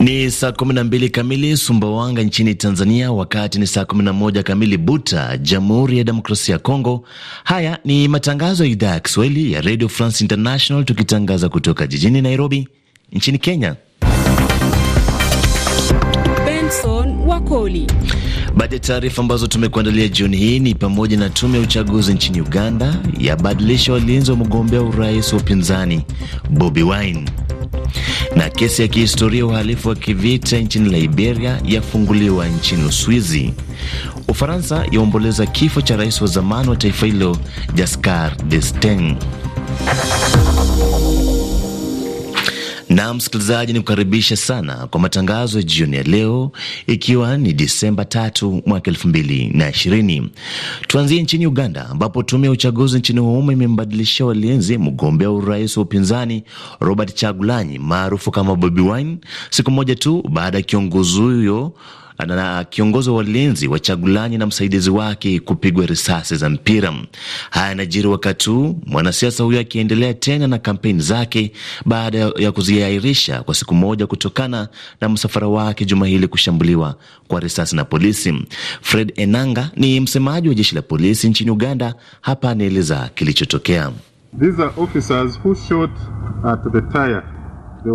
Ni saa 12 kamili Sumbawanga nchini Tanzania, wakati ni saa 11 kamili Buta, Jamhuri ya Demokrasia ya Kongo. Haya ni matangazo ya idhaa ya Kiswahili ya Radio France International, tukitangaza kutoka jijini Nairobi nchini Kenya. Benson Wakoli. Baadhi ya taarifa ambazo tumekuandalia jioni hii ni pamoja na tume ya uchaguzi nchini Uganda yabadilisha walinzi wa mgombea urais wa upinzani Bobi Wine na kesi ya kihistoria uhalifu wa kivita nchini Liberia yafunguliwa nchini Uswizi. Ufaransa yaomboleza kifo cha rais wa zamani wa taifa hilo jascar Desteng. Na msikilizaji, ni kukaribisha sana kwa matangazo ya jioni ya leo, ikiwa ni Disemba tatu mwaka elfu mbili na ishirini. Tuanzie nchini Uganda ambapo tume ya uchaguzi nchini humo imembadilishia walinzi mgombea urais wa upinzani Robert Chagulanyi maarufu kama Bobi Wine siku moja tu baada ya kiongozi huyo na kiongozi wa walinzi wa Chagulanyi na msaidizi wake kupigwa risasi za mpira. Haya yanajiri wakati huu mwanasiasa huyo akiendelea tena na kampeni zake baada ya kuziahirisha kwa siku moja kutokana na msafara wake juma hili kushambuliwa kwa risasi na polisi. Fred Enanga ni msemaji wa jeshi la polisi nchini Uganda. Hapa anaeleza kilichotokea. These are officers who shot at the tire.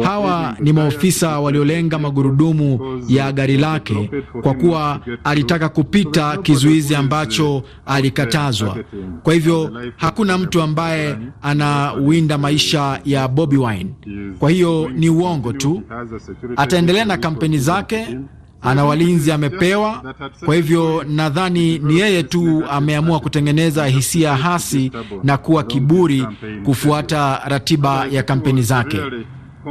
Hawa ni maofisa waliolenga magurudumu ya gari lake kwa kuwa alitaka kupita kizuizi ambacho alikatazwa. Kwa hivyo hakuna mtu ambaye anawinda maisha ya Bobi Wine. Kwa hiyo ni uongo tu. Ataendelea na kampeni zake, ana walinzi amepewa. Kwa hivyo nadhani ni yeye tu ameamua kutengeneza hisia hasi na kuwa kiburi kufuata ratiba ya kampeni zake.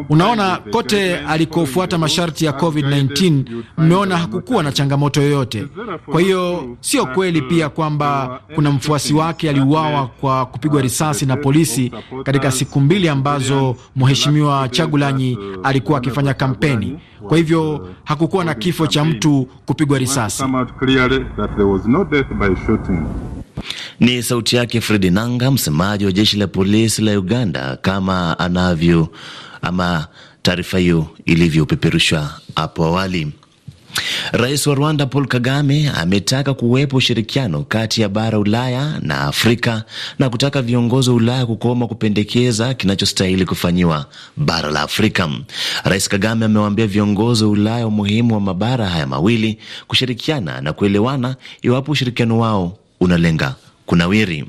Unaona, kote alikofuata masharti ya COVID-19 mmeona hakukuwa na changamoto yoyote. Kwa hiyo sio kweli pia kwamba kuna mfuasi wake aliuawa kwa kupigwa risasi na polisi katika siku mbili ambazo mheshimiwa Chagulanyi alikuwa akifanya kampeni. Kwa hivyo hakukuwa na kifo cha mtu kupigwa risasi. Ni sauti yake Fredi Nanga, msemaji wa jeshi la polisi la Uganda, kama anavyo ama taarifa hiyo ilivyopeperushwa hapo awali. Rais wa Rwanda Paul Kagame ametaka kuwepo ushirikiano kati ya bara Ulaya na Afrika na kutaka viongozi wa Ulaya kukoma kupendekeza kinachostahili kufanyiwa bara la Afrika. Rais Kagame amewaambia viongozi wa Ulaya umuhimu wa mabara haya mawili kushirikiana na kuelewana iwapo ushirikiano wao unalenga kunawiri.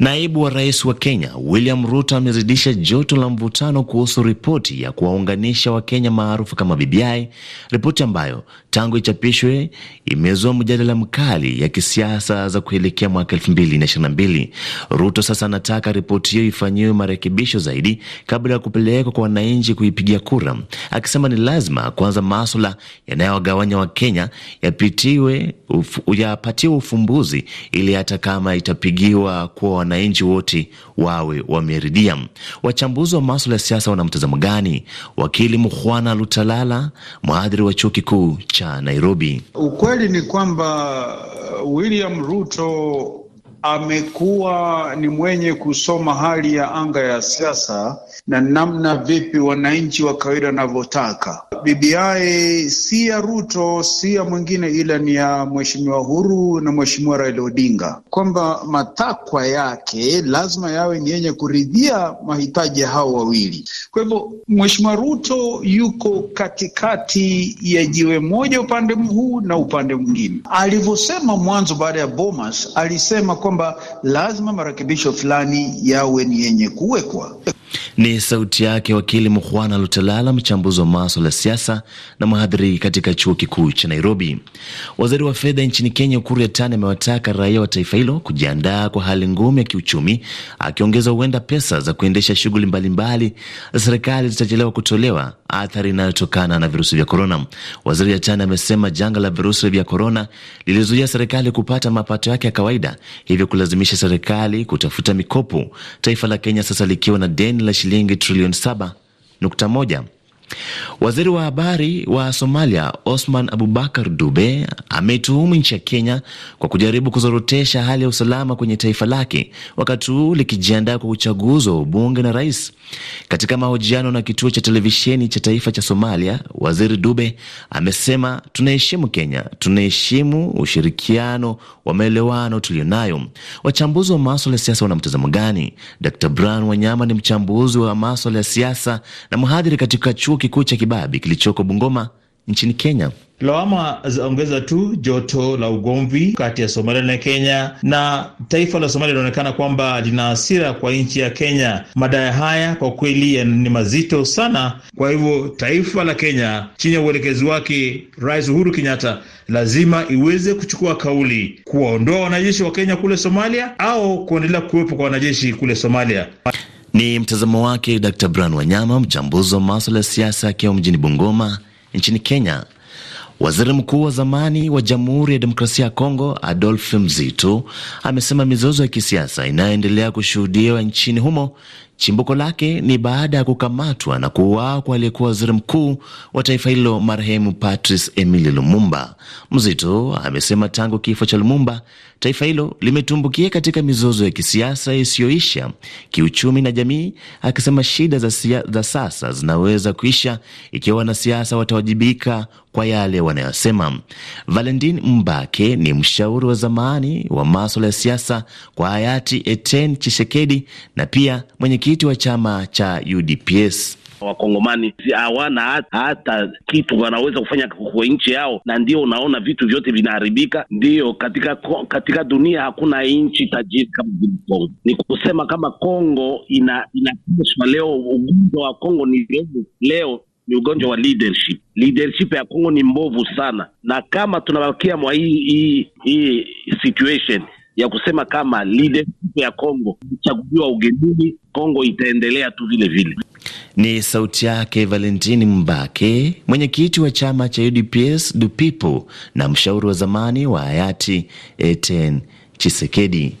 Naibu wa rais wa Kenya William Ruto amezidisha joto la mvutano kuhusu ripoti ya kuwaunganisha Wakenya maarufu kama BBI, ripoti ambayo tangu ichapishwe imezua mjadala mkali ya kisiasa za kuelekea mwaka 2022. Ruto sasa anataka ripoti hiyo ifanyiwe marekebisho zaidi kabla ya kupelekwa kwa wananchi kuipigia kura, akisema ni lazima kwanza maswala yanayowagawanya Wakenya yapatiwe uf, yapatiwe ufumbuzi ili hata kama itapigiwa kuwa wananchi wote wawe wameridhia. Wachambuzi wa maswala ya siasa wana mtazamo gani? Wakili Mkhwana Lutalala, mhadhiri wa chuo kikuu cha Nairobi. Ukweli ni kwamba uh, William Ruto amekuwa ni mwenye kusoma hali ya anga ya siasa na namna vipi wananchi wa kawaida wanavyotaka BBI si ya Ruto, si ya mwingine, ila ni ya mheshimiwa Uhuru na mheshimiwa Raila Odinga, kwamba matakwa yake lazima yawe ni yenye kuridhia mahitaji ya hao wawili. Kwa hivyo mheshimiwa Ruto yuko katikati ya jiwe moja, upande huu na upande mwingine. Alivyosema mwanzo baada ya Bomas, alisema kwamba lazima marekebisho fulani yawe ni yenye kuwekwa ni sauti yake wakili Mukhwana Lutalala, mchambuzi wa maswala ya siasa na mhadhiri katika chuo kikuu cha Nairobi. Waziri wa fedha nchini Kenya Ukur Yatani amewataka raia wa taifa hilo kujiandaa kwa hali ngumu ya kiuchumi, akiongeza huenda pesa za kuendesha shughuli mbalimbali za serikali zitachelewa kutolewa, athari inayotokana na virusi vya korona. Waziri Yatani amesema janga la virusi vya korona lilizuia serikali kupata mapato yake ya kawaida, hivyo kulazimisha serikali kutafuta mikopo, taifa la Kenya sasa likiwa na deni la shilingi trilioni 7.1 Waziri wa habari wa Somalia Osman Abubakar Dube ameituhumu nchi ya Kenya kwa kujaribu kuzorotesha hali ya usalama kwenye taifa lake wakati huu likijiandaa kwa uchaguzi wa ubunge na rais. Katika mahojiano na kituo cha televisheni cha taifa cha Somalia, Waziri Dube amesema tunaheshimu Kenya, tunaheshimu ushirikiano wa maelewano tuliyonayo. Wachambuzi wa maswala ya siasa wana mtazamo gani? Dr Brian Wanyama ni mchambuzi wa maswala ya siasa na mhadhiri katika chuo kikuu cha Kibabi kilichoko Bungoma nchini Kenya. Lawama zaongeza tu joto la ugomvi kati ya Somalia na Kenya, na taifa la Somalia linaonekana kwamba lina hasira kwa nchi ya Kenya. Madai haya kwa kweli ni mazito sana. Kwa hivyo taifa la Kenya chini ya uelekezi wake Rais Uhuru Kenyatta lazima iweze kuchukua kauli kuwaondoa wanajeshi wa Kenya kule Somalia au kuendelea kuwepo kwa wanajeshi kule Somalia. Ni mtazamo wake Dr bran Wanyama, mchambuzi wa maswala ya siasa, akiwa mjini Bungoma nchini Kenya. Waziri mkuu wa zamani wa Jamhuri ya Demokrasia ya Kongo Adolf Mzito amesema mizozo ya kisiasa inayoendelea kushuhudiwa nchini humo Chimbuko lake ni baada ya kukamatwa na kuuawa kwa aliyekuwa waziri mkuu wa taifa hilo marehemu Patrice Emile Lumumba. Mzito amesema tangu kifo cha Lumumba taifa hilo limetumbukia katika mizozo ya kisiasa isiyoisha, kiuchumi na jamii, akisema shida za, siya, za sasa zinaweza kuisha ikiwa wanasiasa watawajibika kwa yale wanayosema. Valentin Mbake ni mshauri wa zamani wa maswala ya siasa kwa hayati Etienne Tshisekedi na pia mwenyekiti mwenyekiti wa chama cha UDPS. Wakongomani hawana hata kitu wanaweza kufanya kwa nchi yao, na ndio unaona vitu vyote vinaharibika. Ndiyo, katika katika dunia hakuna nchi tajiri kama vile Kongo. Ni kusema kama Kongo ina inakoswa leo, ugonjwa wa Kongo ni leo, leo ni ugonjwa wa leadership. Leadership ya Kongo ni mbovu sana, na kama tunabakia mwa hii hii situation ya kusema kama leader ya Kongo ichaguliwa ugenini, Kongo itaendelea tu vile vile. Ni sauti yake Valentini Mbake, mwenyekiti wa chama cha UDPS Du People na mshauri wa zamani wa hayati eten Chisekedi.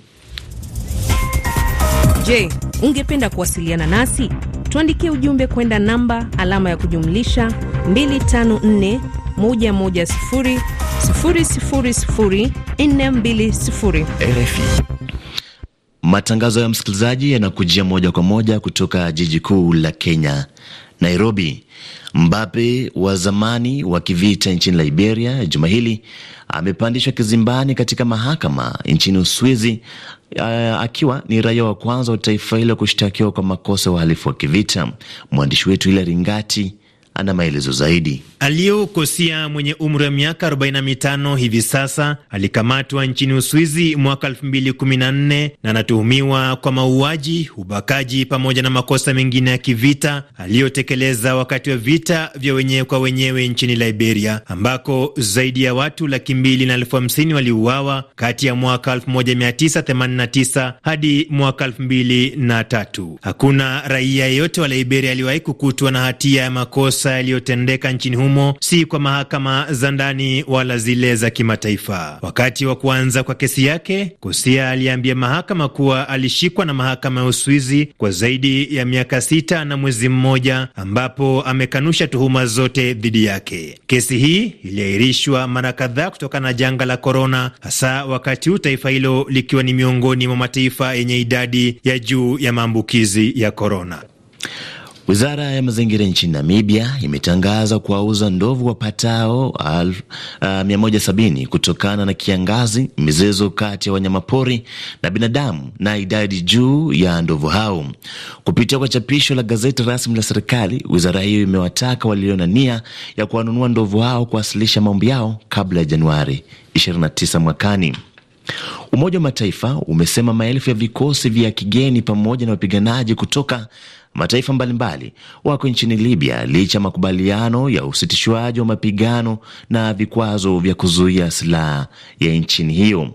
Je, ungependa kuwasiliana nasi? Tuandikie ujumbe kwenda namba alama ya kujumlisha 254 110 RFI. Matangazo ya msikilizaji yanakujia moja kwa moja kutoka jiji kuu la Kenya, Nairobi. Mbape wa zamani wa kivita nchini Liberia juma hili amepandishwa kizimbani katika mahakama nchini Uswizi, akiwa ni raia wa kwanza wa taifa hilo kushtakiwa kwa makosa ya uhalifu wa kivita. Mwandishi wetu ila ringati ana maelezo zaidi. Alio Kosia mwenye umri wa miaka 45 hivi sasa alikamatwa nchini Uswizi mwaka 2014 na anatuhumiwa kwa mauaji, ubakaji pamoja na makosa mengine ya kivita aliyotekeleza wakati wa vita vya wenyewe kwa wenyewe nchini Liberia ambako zaidi ya watu laki mbili na elfu hamsini waliuawa kati ya mwaka 1989 hadi mwaka 2003. Hakuna raia yeyote wa Liberia aliwahi kukutwa na hatia ya makosa makosa yaliyotendeka nchini humo, si kwa mahakama za ndani wala zile za kimataifa. Wakati wa kuanza kwa kesi yake, Kosia aliambia mahakama kuwa alishikwa na mahakama ya Uswizi kwa zaidi ya miaka sita na mwezi mmoja, ambapo amekanusha tuhuma zote dhidi yake. Kesi hii iliahirishwa mara kadhaa kutokana na janga la korona, hasa wakati huu taifa hilo likiwa ni miongoni mwa mataifa yenye idadi ya juu ya maambukizi ya korona. Wizara ya mazingira nchini Namibia imetangaza kuwauza ndovu wapatao al, uh, 170 kutokana na kiangazi, mizezo kati ya wanyamapori na binadamu na idadi juu ya ndovu hao. Kupitia kwa chapisho la gazeti rasmi la serikali, wizara hiyo imewataka walio na nia ya kuwanunua ndovu hao kuwasilisha maombi yao kabla ya Januari 29 mwakani. Umoja wa Mataifa umesema maelfu ya vikosi vya kigeni pamoja na wapiganaji kutoka Mataifa mbalimbali wako nchini Libya licha makubaliano ya usitishwaji wa mapigano na vikwazo vya kuzuia silaha ya nchini hiyo.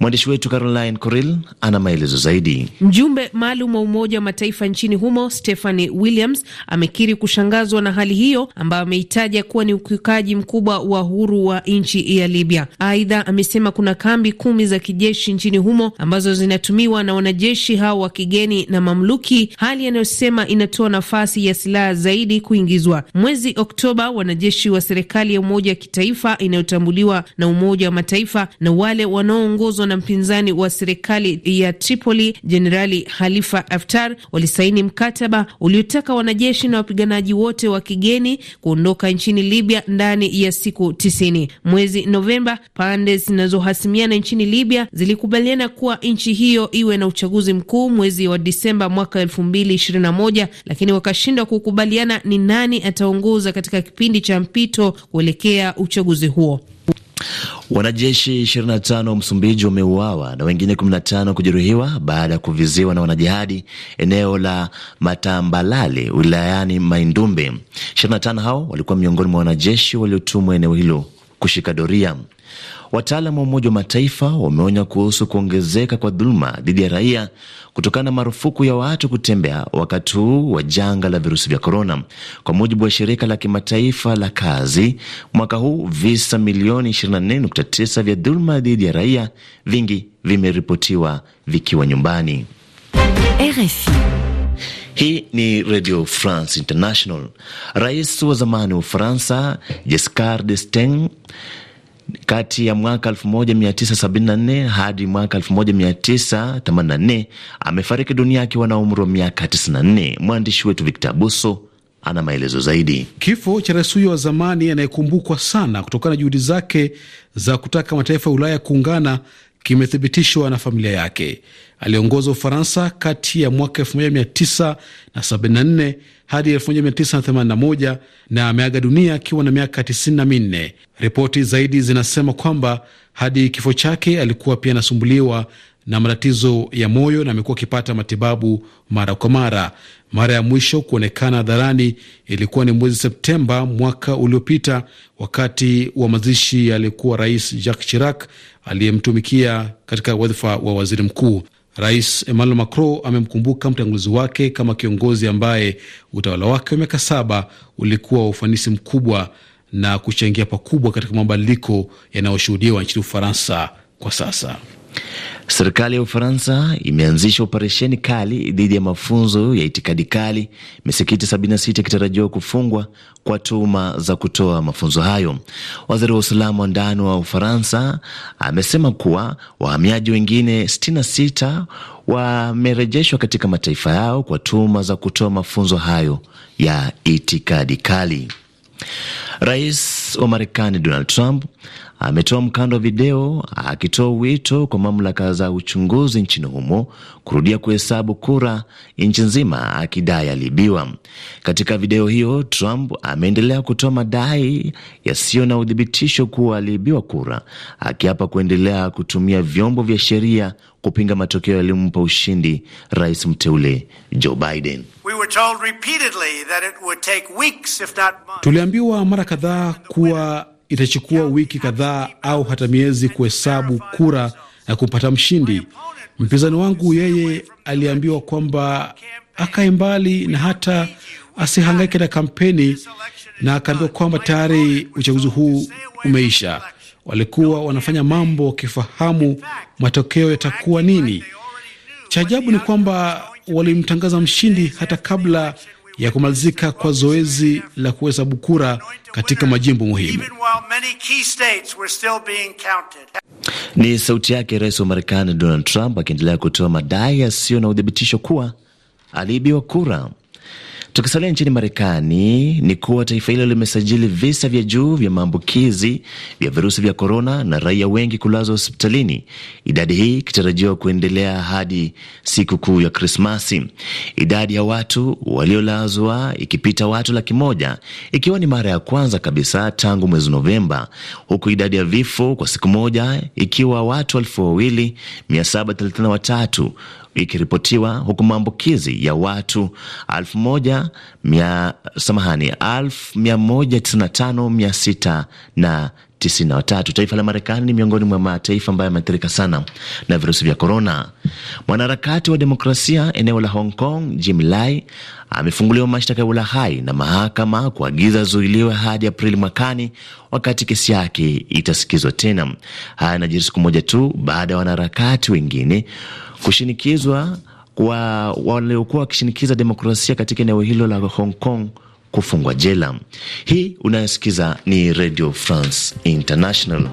Mwandishi wetu Caroline Coril ana maelezo zaidi. Mjumbe maalum wa Umoja wa Mataifa nchini humo Stephanie Williams amekiri kushangazwa na hali hiyo ambayo ameitaja kuwa ni ukiukaji mkubwa wa uhuru wa nchi ya Libya. Aidha, amesema kuna kambi kumi za kijeshi nchini humo ambazo zinatumiwa na wanajeshi hao wa kigeni na mamluki, hali anayosema inatoa nafasi ya silaha zaidi kuingizwa. Mwezi Oktoba, wanajeshi wa serikali ya umoja wa kitaifa inayotambuliwa na Umoja wa Mataifa na wale wanaoongozwa na mpinzani wa serikali ya Tripoli Jenerali Khalifa Haftar walisaini mkataba uliotaka wanajeshi na wapiganaji wote wa kigeni kuondoka nchini Libya ndani ya siku tisini. Mwezi Novemba, pande zinazohasimiana nchini Libya zilikubaliana kuwa nchi hiyo iwe na uchaguzi mkuu mwezi wa Disemba mwaka elfu mbili ishirini na moja, lakini wakashindwa kukubaliana ni nani ataongoza katika kipindi cha mpito kuelekea uchaguzi huo. Wanajeshi 25 wa Msumbiji wameuawa na wengine 15 kujeruhiwa baada ya kuviziwa na wanajihadi eneo la Matambalale wilayani Maindumbe. 25 hao walikuwa miongoni mwa wanajeshi waliotumwa eneo hilo kushika doria. Wataalam wa Umoja wa Mataifa wameonya kuhusu kuongezeka kwa dhuluma dhidi ya raia kutokana na marufuku ya watu kutembea wakati huu wa janga la virusi vya korona. Kwa mujibu wa shirika la kimataifa la kazi, mwaka huu visa milioni 24.9 vya dhuluma dhidi ya raia, vingi vimeripotiwa vikiwa nyumbani. RFI. Hii ni Radio France International. Rais wa zamani wa Ufaransa Giscard d'Estaing kati ya mwaka 1974 hadi mwaka 1984 amefariki dunia akiwa na umri wa miaka 94. Mwandishi wetu Victor Buso ana maelezo zaidi. Kifo cha rais huyo wa zamani anayekumbukwa sana kutokana na juhudi zake za kutaka mataifa ya Ulaya kuungana kimethibitishwa na familia yake. Aliongoza Ufaransa kati ya mwaka 1974 hadi 1981 na ameaga dunia akiwa na miaka 94. Ripoti zaidi zinasema kwamba hadi kifo chake alikuwa pia anasumbuliwa na matatizo ya moyo na amekuwa akipata matibabu mara kwa mara. Mara ya mwisho kuonekana hadharani ilikuwa ni mwezi Septemba mwaka uliopita, wakati wa mazishi aliyekuwa Rais Jacques Chirac aliyemtumikia katika wadhifa wa waziri mkuu. Rais Emmanuel Macron amemkumbuka mtangulizi wake kama kiongozi ambaye utawala wake wa miaka saba ulikuwa wa ufanisi mkubwa na kuchangia pakubwa katika mabadiliko yanayoshuhudiwa nchini Ufaransa kwa sasa. Serikali ya Ufaransa imeanzisha operesheni kali dhidi ya mafunzo ya itikadi kali, misikiti 76 ikitarajiwa kufungwa kwa tuhuma za kutoa mafunzo hayo. Waziri wa usalama wa ndani wa Ufaransa amesema kuwa wahamiaji wengine 66 wamerejeshwa katika mataifa yao kwa tuhuma za kutoa mafunzo hayo ya itikadi kali. Rais wa Marekani Donald Trump ametoa mkando wa video akitoa wito kwa mamlaka za uchunguzi nchini humo kurudia kuhesabu kura nchi nzima, akidai aliibiwa. Katika video hiyo, Trump ameendelea kutoa madai yasiyo na uthibitisho kuwa aliibiwa kura, akiapa kuendelea kutumia vyombo vya sheria kupinga matokeo yaliyompa ushindi rais mteule Joe Biden. We Tuliambiwa mara kadhaa kuwa itachukua wiki kadhaa au hata miezi kuhesabu kura na kupata mshindi. Mpinzani wangu yeye aliambiwa kwamba akae mbali na hata asihangaike na kampeni, na akaambiwa kwamba tayari uchaguzi huu umeisha. Walikuwa wanafanya mambo wakifahamu matokeo yatakuwa nini. Cha ajabu ni kwamba walimtangaza mshindi hata kabla ya kumalizika kwa zoezi la kuhesabu kura katika majimbo muhimu. Ni sauti yake rais wa Marekani Donald Trump akiendelea kutoa madai yasiyo na uthibitisho kuwa aliibiwa kura. Tukisalia nchini Marekani ni kuwa taifa hilo limesajili visa vya juu vya maambukizi vya virusi vya korona na raia wengi kulazwa hospitalini, idadi hii ikitarajiwa kuendelea hadi siku kuu ya Krismasi, idadi ya watu waliolazwa ikipita watu laki moja ikiwa ni mara ya kwanza kabisa tangu mwezi Novemba, huku idadi ya vifo kwa siku moja ikiwa watu elfu wawili mia saba thelathini na watatu ikiripotiwa huku maambukizi ya watu alfu moja mia samahani alfu mia moja tisini na tano mia sita na tisini na watatu. Taifa la Marekani ni miongoni mwa mataifa ambayo yameathirika sana na virusi vya korona. Mwanaharakati wa demokrasia eneo la Hong Kong Jim Lai amefunguliwa mashtaka ya ulahai na mahakama kuagiza zuiliwe hadi Aprili mwakani wakati kesi yake itasikizwa tena. Haya yanajiri siku moja tu baada ya wanaharakati wengine kushinikizwa wa waliokuwa wakishinikiza demokrasia katika eneo hilo la Hong Kong kufungwa jela. Hii unayosikiza ni Radio France International.